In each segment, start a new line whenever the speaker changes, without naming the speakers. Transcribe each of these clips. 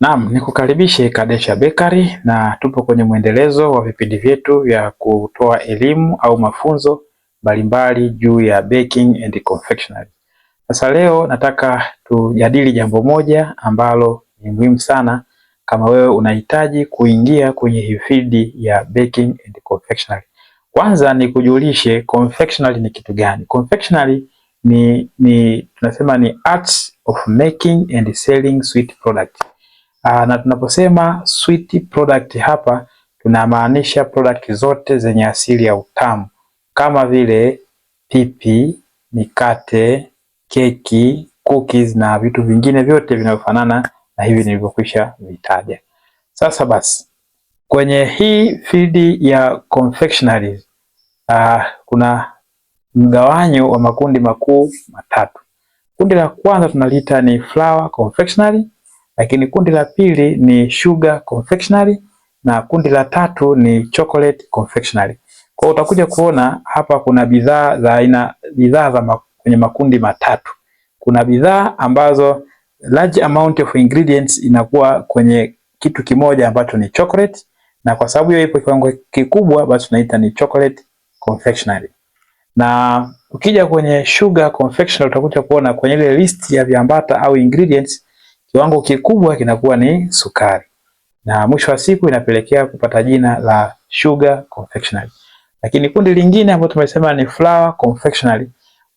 Naam, nikukaribishe Kadesha Bakery na tupo kwenye mwendelezo wa vipindi vyetu vya kutoa elimu au mafunzo mbalimbali juu ya baking and confectionery. Sasa leo nataka tujadili jambo moja ambalo ni muhimu sana kama wewe unahitaji kuingia kwenye hii field ya baking and confectionery. Kwanza ni kujulishe confectionery ni kitu gani? Confectionery ni, ni tunasema ni arts of making and selling sweet products. Aa, ah, na tunaposema sweet product hapa tunamaanisha product zote zenye asili ya utamu kama vile pipi, mikate, keki, cookies na vitu vingine vyote vinavyofanana na hivi nilivyokwisha vitaja. Sasa basi kwenye hii field ya confectionaries uh, kuna mgawanyo wa makundi makuu matatu. Kundi la kwanza tunaliita ni flour confectionery, lakini kundi la pili ni sugar confectionery na kundi la tatu ni chocolate confectionery. Kwa utakuja kuona hapa kuna bidhaa za aina bidhaa za kwenye makundi matatu. Kuna bidhaa ambazo large amount of ingredients inakuwa kwenye kitu kimoja ambacho ni chocolate na kwa sababu hiyo ipo kiwango kikubwa, basi tunaita ni chocolate confectionery. Na ukija kwenye sugar confectionery utakuja kuona kwenye ile list ya viambata au ingredients kiwango kikubwa kinakuwa ni sukari, na mwisho wa siku inapelekea kupata jina la sugar confectionery. Lakini kundi lingine ambalo tumesema ni flour confectionery,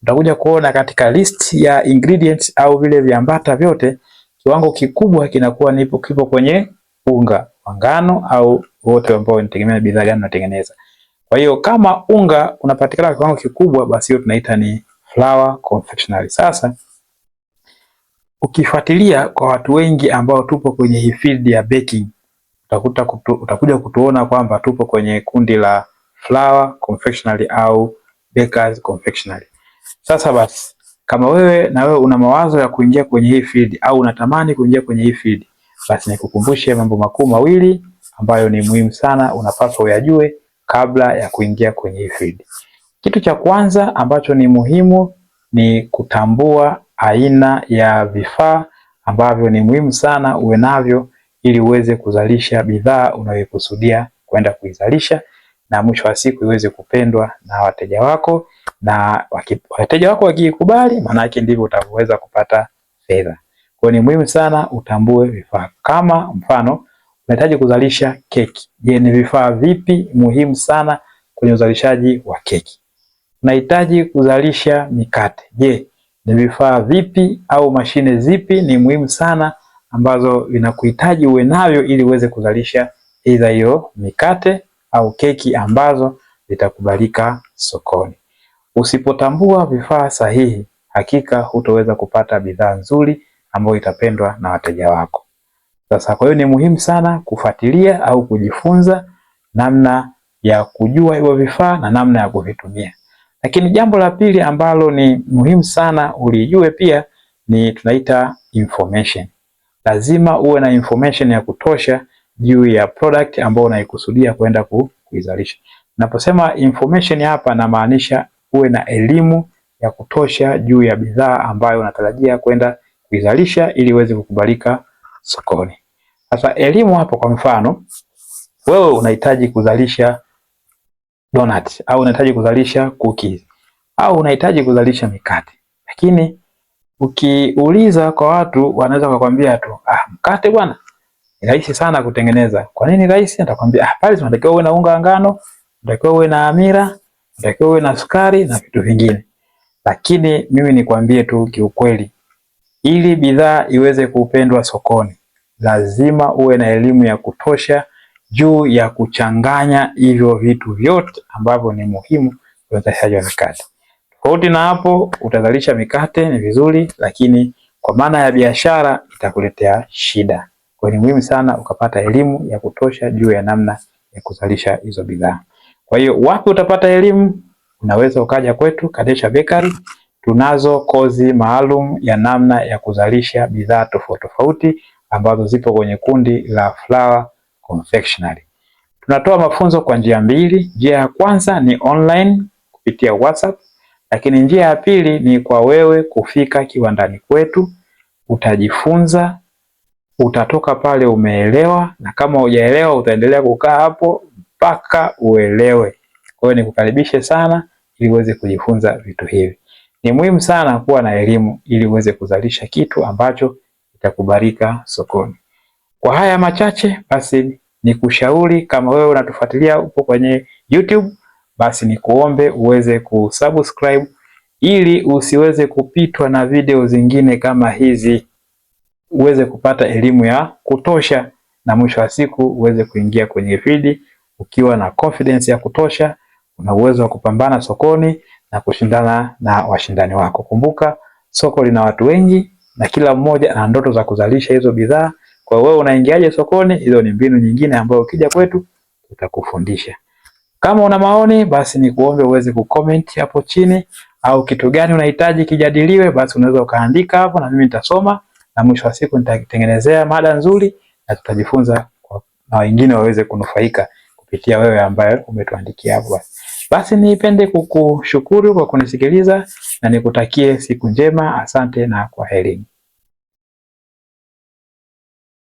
utakuja kuona katika list ya ingredients au vile viambata vyote, kiwango kikubwa kinakuwa ni kipo kwenye unga wa ngano au wote ambao inategemea bidhaa gani unatengeneza. Kwa hiyo kama unga unapatikana kwa kiwango kikubwa, basi hiyo tunaita ni flour confectionery. Sasa Ukifuatilia kwa watu wengi ambao tupo kwenye hii field ya baking utakuta kutu, utakuja kutuona kwamba tupo kwenye kundi la flour confectionery au bakers confectionery. Sasa basi kama wewe na wewe una mawazo ya kuingia kwenye hii field au unatamani kuingia kwenye hii field, basi nikukumbushe mambo makuu mawili ambayo ni muhimu sana, unapaswa uyajue kabla ya kuingia kwenye hii field. Kitu cha kwanza ambacho ni muhimu ni kutambua aina ya vifaa ambavyo ni muhimu sana uwe navyo ili uweze kuzalisha bidhaa unayokusudia kwenda kuizalisha, na mwisho wa siku iweze kupendwa na wateja wako, na wateja wako wakikubali, maana yake ndivyo utaweza kupata fedha. Kwa ni muhimu sana utambue vifaa. Kama mfano unahitaji kuzalisha keki, je, ni vifaa vipi muhimu sana kwenye uzalishaji wa keki? Unahitaji kuzalisha mikate, je ni vifaa vipi au mashine zipi ni muhimu sana ambazo inakuhitaji uwe navyo ili uweze kuzalisha aidha hiyo mikate au keki ambazo zitakubalika sokoni. Usipotambua vifaa sahihi, hakika hutoweza kupata bidhaa nzuri ambayo itapendwa na wateja wako. Sasa kwa hiyo ni muhimu sana kufuatilia au kujifunza namna ya kujua hivyo vifaa na namna ya kuvitumia. Lakini jambo la pili ambalo ni muhimu sana ulijue pia ni tunaita information. Lazima uwe na information ya kutosha juu ya product ambayo unaikusudia kwenda kuizalisha. Naposema information hapa namaanisha uwe na elimu ya kutosha juu ya bidhaa ambayo unatarajia kwenda kuizalisha ili iweze kukubalika sokoni. Sasa elimu hapo, kwa mfano, wewe unahitaji kuzalisha donut au unahitaji kuzalisha cookies au unahitaji kuzalisha mikate. Lakini ukiuliza kwa watu wanaweza kukwambia tu, ah, mkate bwana ni rahisi sana kutengeneza. Kwa nini rahisi? Atakwambia ah, pale unatakiwa uwe na unga wa ngano, unatakiwa uwe na hamira, unatakiwa uwe na sukari na vitu vingine. Lakini mimi nikwambie tu kiukweli, ili bidhaa iweze kupendwa sokoni, lazima uwe na elimu ya kutosha juu ya kuchanganya hivyo vitu vyote ambavyo ni muhimu kwa uzalishaji wa mikate. Tofauti na hapo, utazalisha mikate ni vizuri, lakini kwa maana ya biashara itakuletea shida. Kwa hiyo ni muhimu sana ukapata elimu ya kutosha juu ya namna ya kuzalisha hizo bidhaa. Kwa hiyo wapi utapata elimu? Unaweza ukaja kwetu Kadesha Bakery. Tunazo kozi maalum ya namna ya kuzalisha bidhaa tofauti tofauti ambazo zipo kwenye kundi la flour confectionery. Tunatoa mafunzo kwa njia mbili. Njia ya kwanza ni online kupitia WhatsApp, lakini njia ya pili ni kwa wewe kufika kiwandani kwetu. Utajifunza, utatoka pale umeelewa, na kama hujaelewa utaendelea kukaa hapo mpaka uelewe. Kwa hiyo nikukaribishe sana ili uweze kujifunza vitu hivi. Ni muhimu sana kuwa na elimu ili uweze kuzalisha kitu ambacho kitakubarika sokoni. Kwa haya machache basi ni kushauri kama wewe unatufuatilia upo kwenye YouTube, basi ni kuombe uweze kusubscribe ili usiweze kupitwa na video zingine kama hizi, uweze kupata elimu ya kutosha, na mwisho wa siku uweze kuingia kwenye field ukiwa na confidence ya kutosha, una uwezo wa kupambana sokoni na kushindana na washindani wako. Kumbuka soko lina watu wengi na kila mmoja ana ndoto za kuzalisha hizo bidhaa kwa hiyo wewe unaingiaje sokoni? Hizo ni mbinu nyingine ambayo ukija kwetu tutakufundisha. Kama una maoni, basi ni kuombe uweze kucomment hapo chini, au kitu gani unahitaji kijadiliwe, basi unaweza ukaandika hapo na mimi nitasoma, na mwisho wa siku nitatengenezea mada nzuri na tutajifunza kwa, na wengine waweze kunufaika kupitia wewe ambaye umetuandikia hapo. Basi nipende kukushukuru kwa kunisikiliza na nikutakie siku njema. Asante na kwaherini.